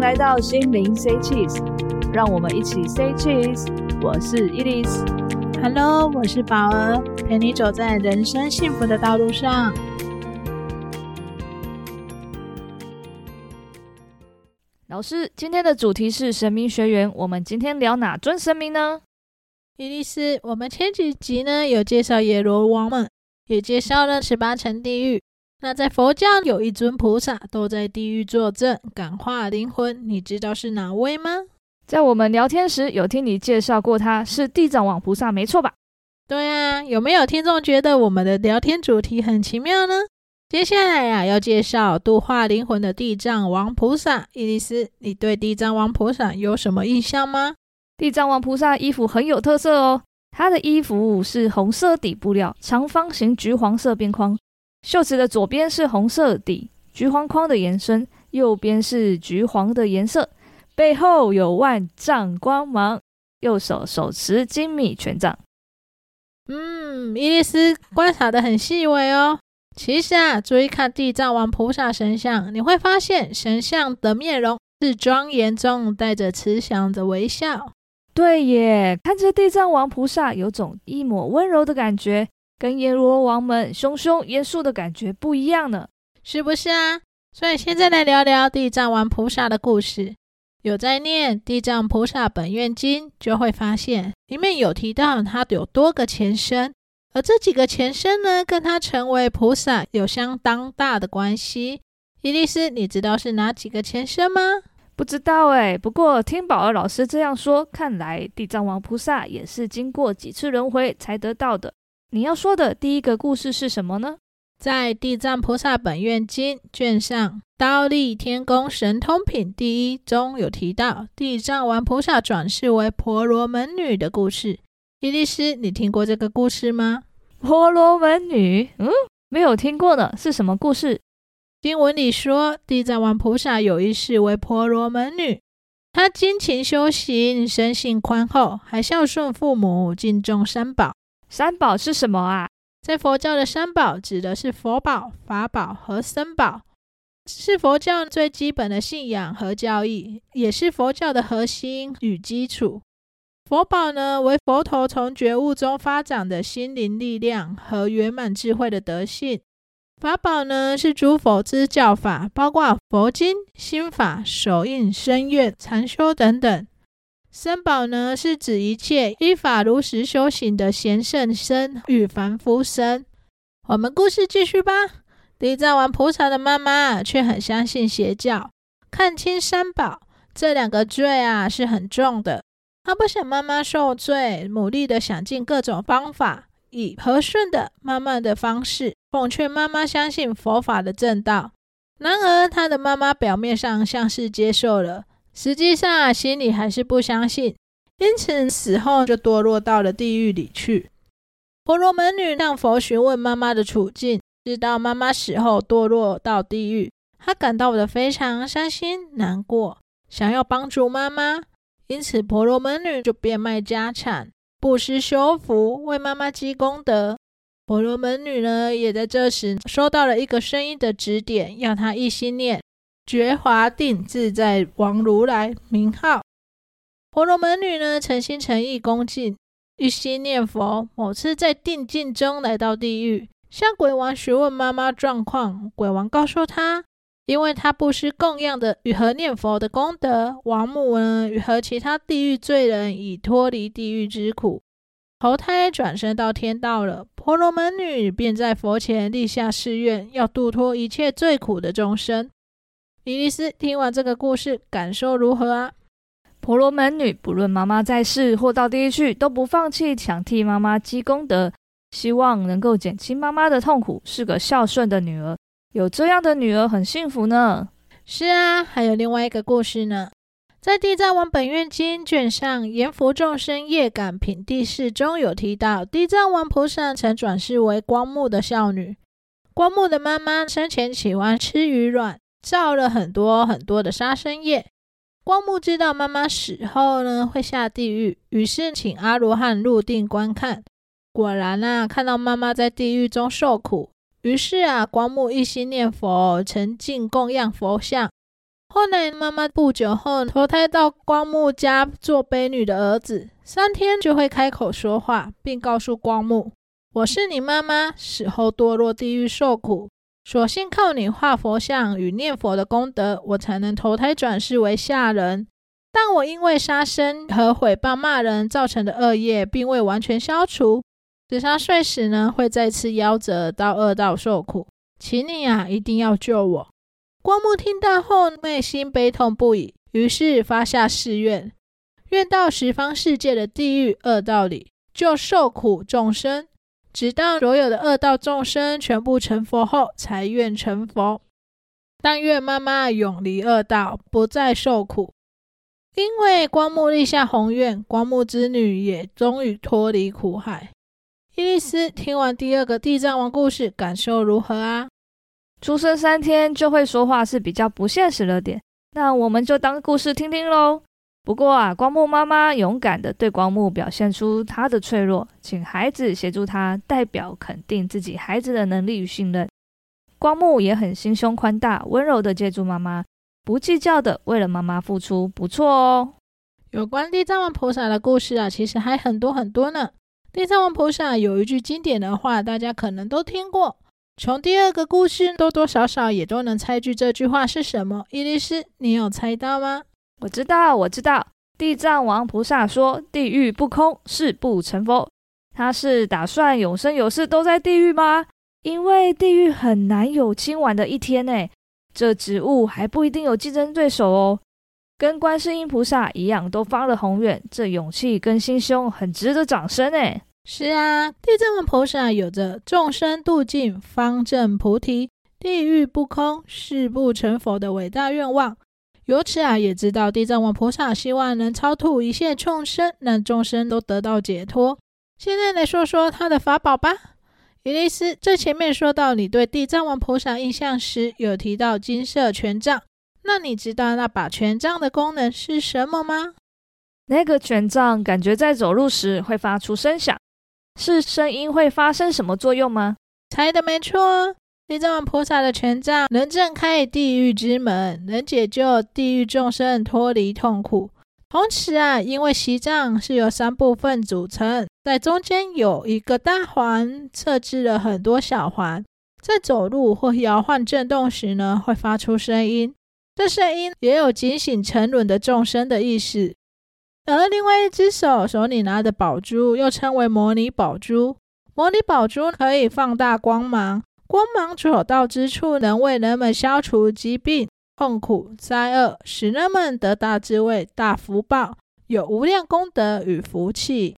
來到心靈，say cheese，讓我們一起 say cheese。我是伊莉絲，Hello，我是寶兒，陪你走在人生幸福的道路上。老師，今天的主題是神明學園，我們今天聊哪尊神明呢？伊莉絲，我們前幾集呢有介紹閻羅王們，也介紹了十八層地獄。那在佛教有一尊菩薩都在地獄坐鎮感化靈魂，你知道是哪位嗎？在我們聊天時有聽你介紹過，他是地藏王菩薩，沒錯吧？對啊，有沒有聽眾覺得我們的聊天主題很奇妙呢？接下來呀、啊，要介紹度化靈魂的地藏王菩薩。伊莉絲，你對地藏王菩薩有什麼印象嗎？地藏王菩薩衣服很有特色哦，他的衣服是紅色底布料，長方形橘黃色邊框。袖子的左邊是紅色底橘黃框的延伸，右邊是橘黃的顏色，背後有萬丈光芒。右手手持金米權杖。嗯，伊麗絲觀察的很細微哦。其實啊，注意看地藏王菩薩神像，你會發現神像的面容是莊嚴中帶着慈祥的微笑。對耶，看着地藏王菩薩，有種一抹溫柔的感覺。跟閻羅王們凶凶嚴肅的感覺不一樣呢，是不是啊？所以現在來聊聊地藏王菩薩的故事。有在念《地藏菩薩本願經》，就會發現裡面有提到他有多個前身，而這幾個前身呢，跟他成為菩薩有相當大的關係。伊莉絲，你知道是哪幾個前身嗎？不知道哎，不過聽寶兒老師這樣說，看來地藏王菩薩也是經過幾次輪迴才得到的。你要說的第一個故事是什麼呢？在《地藏菩薩本願經》卷上《忉利天宮神通品》第一中有提到地藏王菩薩轉世為婆羅門女的故事。伊莉絲，你聽過這個故事嗎？婆羅門女，嗯，沒有聽過的是什麼故事？經文裡說，地藏王菩薩有一世為婆羅門女，她精勤修行，生性寬厚，還孝順父母，敬重三寶。三寶是什麼啊？在佛教的三寶指的是佛寶、法寶和僧寶，是佛教最基本的信仰和教義，也是佛教的核心與基礎。佛寶呢，為佛陀從覺悟中發展的心靈力量和圓滿智慧的德性；法寶呢，是諸佛之教法，包括佛經、心法、手印、聲樂、禪修等等。三寶呢，是指一切依法如實修行的賢聖僧與凡夫僧。我們故事繼續吧。地藏王菩薩的媽媽卻很相信邪教，看清三寶這兩個罪啊是很重的。她不想媽媽受罪，努力的想盡各種方法，以和順的媽媽的方式，奉勸媽媽相信佛法的正道。然而，她的媽媽表面上像是接受了。實際上啊，心裡還是不相信，因此死後就墮落到了地獄裡去。婆羅門女讓佛詢問媽媽的處境，知道媽媽死後墮落到地獄，她感到的非常傷心難過，想要幫助媽媽，因此婆羅門女就變賣家產，布施修福，為媽媽積功德。婆羅門女呢，也在這時收到了一個聲音的指點，要她一心念覺華定自在王如來名號，婆羅門女呢，誠心誠意恭敬一心念佛。某次在定境中來到地獄，向鬼王詢問媽媽狀況。鬼王告訴她，因為她布施供養的與和念佛的功德，王母呢與和其他地獄罪人已脫離地獄之苦，投胎轉生到天道了。婆羅門女便在佛前立下誓願，要度脫一切罪苦的眾生。伊莉絲聽完這個故事，感受如何啊？婆羅門女不論媽媽在世或到地獄，都不放棄，想替媽媽積功德，希望能夠減輕媽媽的痛苦，是個孝順的女兒。有這樣的女兒很幸福呢。是啊，還有另外一個故事呢，在《地藏王本願經》卷上《閻浮眾生業感品》第四中有提到，地藏王菩薩曾轉世為光目的少女。光目的媽媽生前喜歡吃魚卵。造了很多很多的殺生業。光目知道媽媽死後呢，會下地獄，於是請阿羅漢入定觀看。果然啊，看到媽媽在地獄中受苦。於是啊，光目一心念佛，誠敬供養佛像。後來媽媽不久後投胎到光目家做婢女的兒子，三天就會開口說話，並告訴光目：「我是你媽媽，死後墮落地獄受苦。」所幸靠你畫佛像與念佛的功德，我才能投胎轉世為下人。但我因為殺生和毀謗罵人造成的惡業，並未完全消除，十三歲時呢，會再次夭折到惡道受苦。請你啊，一定要救我！光目聽到後，內心悲痛不已，於是發下誓願，願到十方世界的地獄惡道裡救受苦眾生。直到所有的惡道眾生全部成佛後，才願成佛。但願媽媽永離惡道，不再受苦。因為光目立下宏願，光目之女也終於脫離苦海。伊莉絲聽完第二個地藏王故事，感受如何啊？出生三天就會說話是比較不現實的點，那我們就當故事聽聽嘍。不過啊，光目媽媽勇敢的對光目表現出她的脆弱，請孩子協助他，代表肯定自己孩子的能力與信任。光目也很心胸寬大，溫柔的接住媽媽，不計較的為了媽媽付出，不錯哦。有關地藏王菩薩的故事啊，其實還很多很多呢。地藏王菩薩有一句經典的話，大家可能都聽過。從第二個故事，多多少少也都能猜出這句話是什麼。伊莉絲，你有猜到嗎？我知道，我知道，地藏王菩薩說：“地獄不空，誓不成佛。”他是打算永生永世都在地獄嗎？因為地獄很難有清完的一天欸。這職務還不一定有競爭對手哦。跟觀世音菩薩一樣，都發了宏願，這勇氣跟心胸很值得掌聲欸。是啊，地藏王菩薩有着眾生度盡方證菩提，地獄不空誓不成佛的偉大願望。由此啊，也知道地藏王菩薩希望能超度一切眾生，讓眾生都得到解脫。現在來說說他的法寶吧。伊莉絲，這前面說到你對地藏王菩薩印象時，有提到金色權杖，那你知道那把權杖的功能是什麼嗎？那個權杖感覺在走路時會發出聲響，是聲音會發生什麼作用嗎？猜的沒錯哦。西藏王菩薩的權杖能震開地獄之門，能解救地獄眾生脫離痛苦。同時啊，因為西藏是由三部分組成，在中間有一個大環，設置了很多小環，在走路或搖晃震動時呢，會發出聲音。這聲音也有警醒沉淪的眾生的意思。而另外一隻手手裡拿的寶珠，又稱為摩尼寶珠。摩尼寶珠可以放大光芒。光芒所到之處，能為人們消除疾病、痛苦、災厄，使人們得大智慧、大福報，有無量功德與福氣。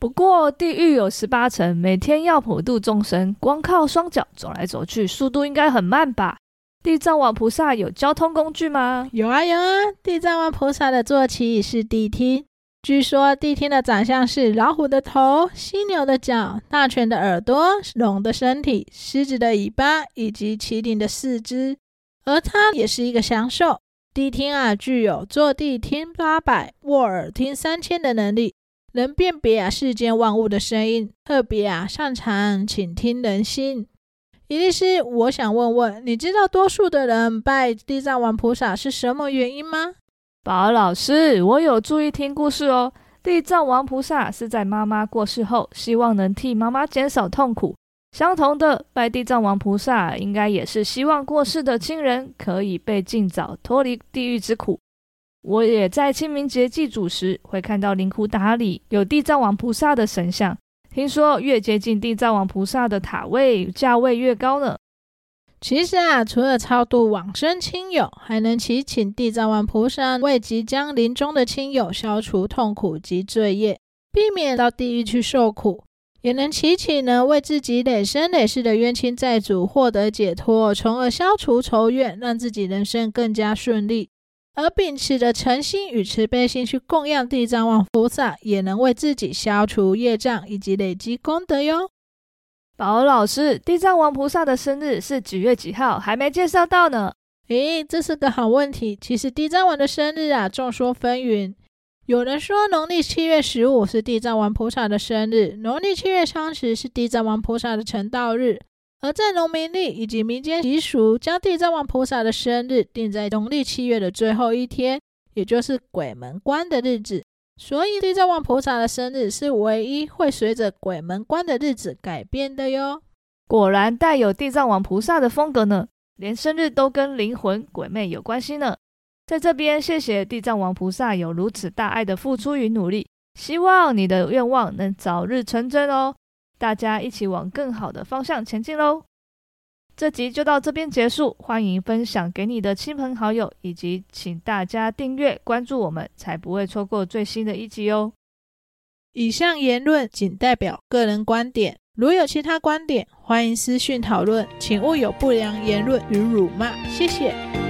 不過，地獄有十八層，每天要普度眾生，光靠雙腳走來走去，速度應該很慢吧？地藏王菩薩有交通工具嗎？有啊有啊，地藏王菩薩的坐騎是諦聽據說諦聽的長相是老虎的頭、犀牛的角、大犬的耳朵、龍的身體、獅子的尾巴以及麒麟的四肢，而他也是一個祥獸。諦聽啊，具有坐地聽八百、臥耳聽三千的能力，能辨別啊世間萬物的聲音，特別啊擅長傾聽人心。伊莉絲，我想問問，你知道多數的人拜地藏王菩薩是什麼原因嗎？寶兒老師，我有注意聽故事哦。地藏王菩薩是在媽媽過世後，希望能替媽媽減少痛苦。相同的，拜地藏王菩薩，應該也是希望過世的親人可以被儘早脫離地獄之苦。我也在清明節祭祖時，會看到靈骨塔裡有地藏王菩薩的神像。聽說越接近地藏王菩薩的塔位，價位越高呢。其實啊，除了超度往生親友，還能祈請地藏王菩薩為即將臨終的親友消除痛苦及罪業，避免到地獄去受苦；也能祈請呢，為自己累生累世的冤親債主獲得解脫，從而消除仇怨，讓自己人生更加順利。而秉持着誠心與慈悲心去供養地藏王菩薩，也能為自己消除業障以及累積功德喲。寶兒老師，地藏王菩薩的生日是幾月幾號？還沒介紹到呢。咦，這是個好問題。其實地藏王的生日啊，眾說紛紜。有人說農曆七月十五是地藏王菩薩的生日，農曆七月三十是地藏王菩薩的成道日。而在農民曆以及民間習俗，將地藏王菩薩的生日定在農曆七月的最後一天，也就是鬼門關的日子。所以，地藏王菩薩的生日是唯一會隨着鬼門關的日子改變的喲。果然，帶有地藏王菩薩的風格呢，連生日都跟靈魂、鬼魅有關係呢。在這邊，謝謝地藏王菩薩有如此大愛的付出與努力，希望你的願望能早日成真哦。大家一起往更好的方向前進嘍！這集就到這邊結束，歡迎分享給你的親朋好友，以及請大家訂閱關注我們，才不會錯過最新的一集哦。以上言論僅代表個人觀點，如有其他觀點，歡迎私訊討論，請勿有不良言論與辱罵。謝謝。